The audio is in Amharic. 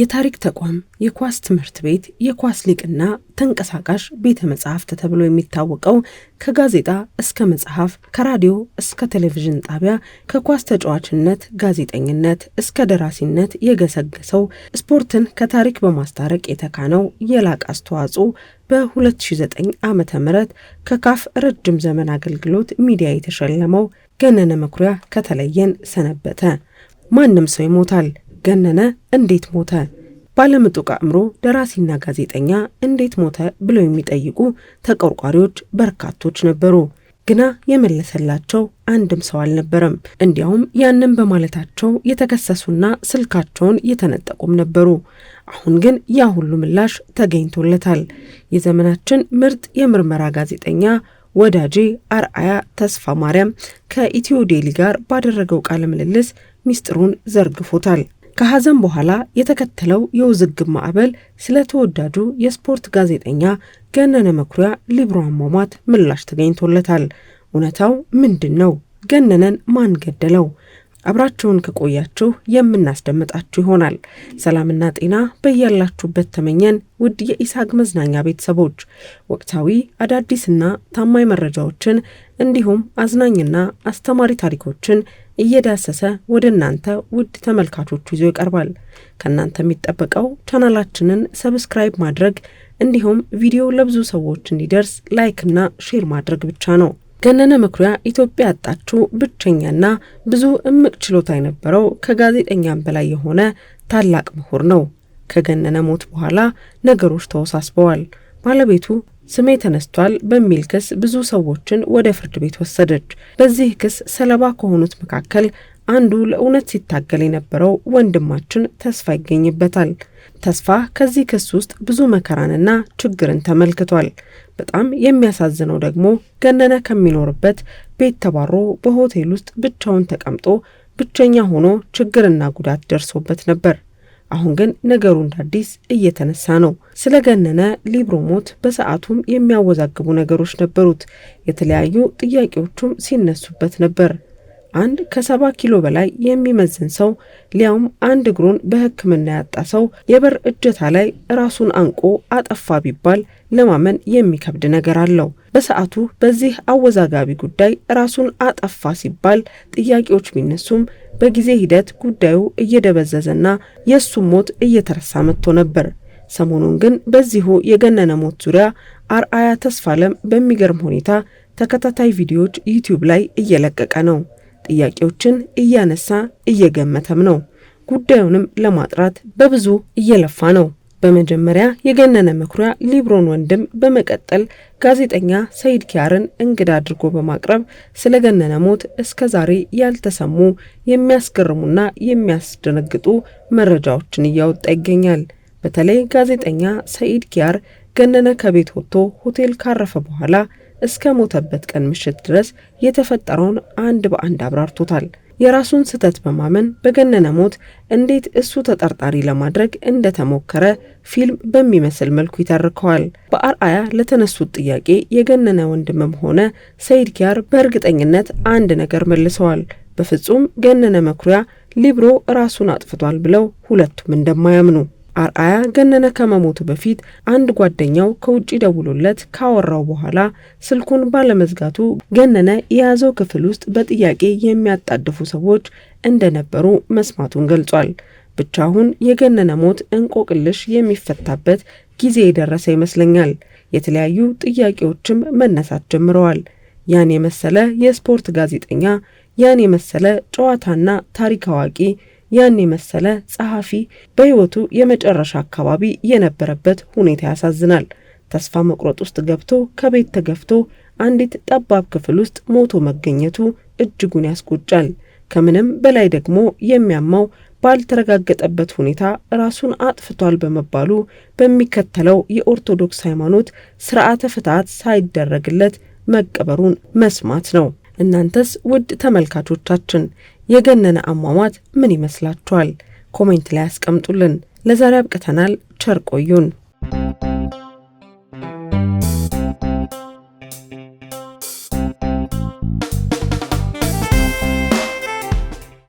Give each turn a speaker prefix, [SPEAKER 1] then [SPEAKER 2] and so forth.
[SPEAKER 1] የታሪክ ተቋም የኳስ ትምህርት ቤት የኳስ ሊቅና ተንቀሳቃሽ ቤተ መጽሐፍት ተብሎ የሚታወቀው ከጋዜጣ እስከ መጽሐፍ ከራዲዮ እስከ ቴሌቪዥን ጣቢያ ከኳስ ተጫዋችነት ጋዜጠኝነት እስከ ደራሲነት የገሰገሰው ስፖርትን ከታሪክ በማስታረቅ የተካነው የላቅ አስተዋጽኦ በ2009 ዓ ም ከካፍ ረጅም ዘመን አገልግሎት ሚዲያ የተሸለመው ገነነ መኩሪያ ከተለየን ሰነበተ። ማንም ሰው ይሞታል። ገነነ እንዴት ሞተ? ባለምጡቅ አእምሮ ደራሲና ጋዜጠኛ እንዴት ሞተ ብለው የሚጠይቁ ተቆርቋሪዎች በርካቶች ነበሩ። ግና የመለሰላቸው አንድም ሰው አልነበረም። እንዲያውም ያንን በማለታቸው የተከሰሱና ስልካቸውን የተነጠቁም ነበሩ። አሁን ግን ያ ሁሉ ምላሽ ተገኝቶለታል። የዘመናችን ምርጥ የምርመራ ጋዜጠኛ ወዳጄ አርአያ ተስፋ ማርያም ከኢትዮ ዴሊ ጋር ባደረገው ቃለ ምልልስ ሚስጥሩን ዘርግፎታል። ከሐዘን በኋላ የተከተለው የውዝግብ ማዕበል ስለ ተወዳጁ የስፖርት ጋዜጠኛ ገነነ መኩሪያ ሊብሮ አሟሟት ምላሽ ተገኝቶለታል። እውነታው ምንድን ነው? ገነነን ማን ገደለው? አብራችሁን ከቆያችሁ የምናስደምጣችሁ ይሆናል። ሰላምና ጤና በያላችሁበት ተመኘን። ውድ የኢሳግ መዝናኛ ቤተሰቦች ወቅታዊ አዳዲስና ታማኝ መረጃዎችን እንዲሁም አዝናኝና አስተማሪ ታሪኮችን እየዳሰሰ ወደ እናንተ ውድ ተመልካቾቹ ይዞ ይቀርባል። ከእናንተ የሚጠበቀው ቻናላችንን ሰብስክራይብ ማድረግ እንዲሁም ቪዲዮ ለብዙ ሰዎች እንዲደርስ ላይክና ሼር ማድረግ ብቻ ነው። ገነነ መኩሪያ ኢትዮጵያ ያጣችው ብቸኛና ብዙ እምቅ ችሎታ የነበረው ከጋዜጠኛም በላይ የሆነ ታላቅ ምሁር ነው። ከገነነ ሞት በኋላ ነገሮች ተወሳስበዋል። ባለቤቱ ስሜ ተነስቷል በሚል ክስ ብዙ ሰዎችን ወደ ፍርድ ቤት ወሰደች። በዚህ ክስ ሰለባ ከሆኑት መካከል አንዱ ለእውነት ሲታገል የነበረው ወንድማችን ተስፋ ይገኝበታል። ተስፋ ከዚህ ክስ ውስጥ ብዙ መከራንና ችግርን ተመልክቷል። በጣም የሚያሳዝነው ደግሞ ገነነ ከሚኖርበት ቤት ተባሮ በሆቴል ውስጥ ብቻውን ተቀምጦ ብቸኛ ሆኖ ችግርና ጉዳት ደርሶበት ነበር። አሁን ግን ነገሩ እንደ አዲስ እየተነሳ ነው። ስለ ገነነ ሊብሮ ሞት በሰዓቱም የሚያወዛግቡ ነገሮች ነበሩት። የተለያዩ ጥያቄዎቹም ሲነሱበት ነበር። አንድ ከሰባ ኪሎ በላይ የሚመዝን ሰው ሊያውም አንድ እግሩን በሕክምና ያጣ ሰው የበር እጀታ ላይ ራሱን አንቆ አጠፋ ቢባል ለማመን የሚከብድ ነገር አለው። በሰዓቱ በዚህ አወዛጋቢ ጉዳይ ራሱን አጠፋ ሲባል ጥያቄዎች ቢነሱም በጊዜ ሂደት ጉዳዩ እየደበዘዘና የእሱም ሞት እየተረሳ መጥቶ ነበር። ሰሞኑን ግን በዚሁ የገነነ ሞት ዙሪያ አርአያ ተስፋለም በሚገርም ሁኔታ ተከታታይ ቪዲዮዎች ዩቲዩብ ላይ እየለቀቀ ነው። ጥያቄዎችን እያነሳ እየገመተም ነው። ጉዳዩንም ለማጥራት በብዙ እየለፋ ነው። በመጀመሪያ የገነነ መኩሪያ ሊብሮን ወንድም፣ በመቀጠል ጋዜጠኛ ሰይድ ኪያርን እንግዳ አድርጎ በማቅረብ ስለ ገነነ ሞት እስከ ዛሬ ያልተሰሙ የሚያስገርሙና የሚያስደነግጡ መረጃዎችን እያወጣ ይገኛል። በተለይ ጋዜጠኛ ሰይድ ኪያር ገነነ ከቤት ወጥቶ ሆቴል ካረፈ በኋላ እስከ ሞተበት ቀን ምሽት ድረስ የተፈጠረውን አንድ በአንድ አብራርቶታል። የራሱን ስህተት በማመን በገነነ ሞት እንዴት እሱ ተጠርጣሪ ለማድረግ እንደተሞከረ ፊልም በሚመስል መልኩ ይተርከዋል። በአርአያ ለተነሱት ጥያቄ የገነነ ወንድምም ሆነ ሰይድ ኪያር በእርግጠኝነት አንድ ነገር መልሰዋል። በፍጹም ገነነ መኩሪያ ሊብሮ ራሱን አጥፍቷል ብለው ሁለቱም እንደማያምኑ አርአያ ገነነ ከመሞቱ በፊት አንድ ጓደኛው ከውጭ ደውሎለት ካወራው በኋላ ስልኩን ባለመዝጋቱ ገነነ የያዘው ክፍል ውስጥ በጥያቄ የሚያጣድፉ ሰዎች እንደነበሩ መስማቱን ገልጿል። ብቻሁን የገነነ ሞት እንቆቅልሽ የሚፈታበት ጊዜ የደረሰ ይመስለኛል። የተለያዩ ጥያቄዎችም መነሳት ጀምረዋል። ያን የመሰለ የስፖርት ጋዜጠኛ፣ ያን የመሰለ ጨዋታና ታሪክ አዋቂ ያን የመሰለ ጸሐፊ በሕይወቱ የመጨረሻ አካባቢ የነበረበት ሁኔታ ያሳዝናል። ተስፋ መቁረጥ ውስጥ ገብቶ ከቤት ተገፍቶ አንዲት ጠባብ ክፍል ውስጥ ሞቶ መገኘቱ እጅጉን ያስቆጫል። ከምንም በላይ ደግሞ የሚያማው ባልተረጋገጠበት ሁኔታ ራሱን አጥፍቷል በመባሉ በሚከተለው የኦርቶዶክስ ሃይማኖት ስርዓተ ፍትሐት ሳይደረግለት መቀበሩን መስማት ነው። እናንተስ ውድ ተመልካቾቻችን የገነነ አሟሟት ምን ይመስላችኋል? ኮሜንት ላይ አስቀምጡልን ለዛሬ አብቅተናል። ቸር ቆዩን።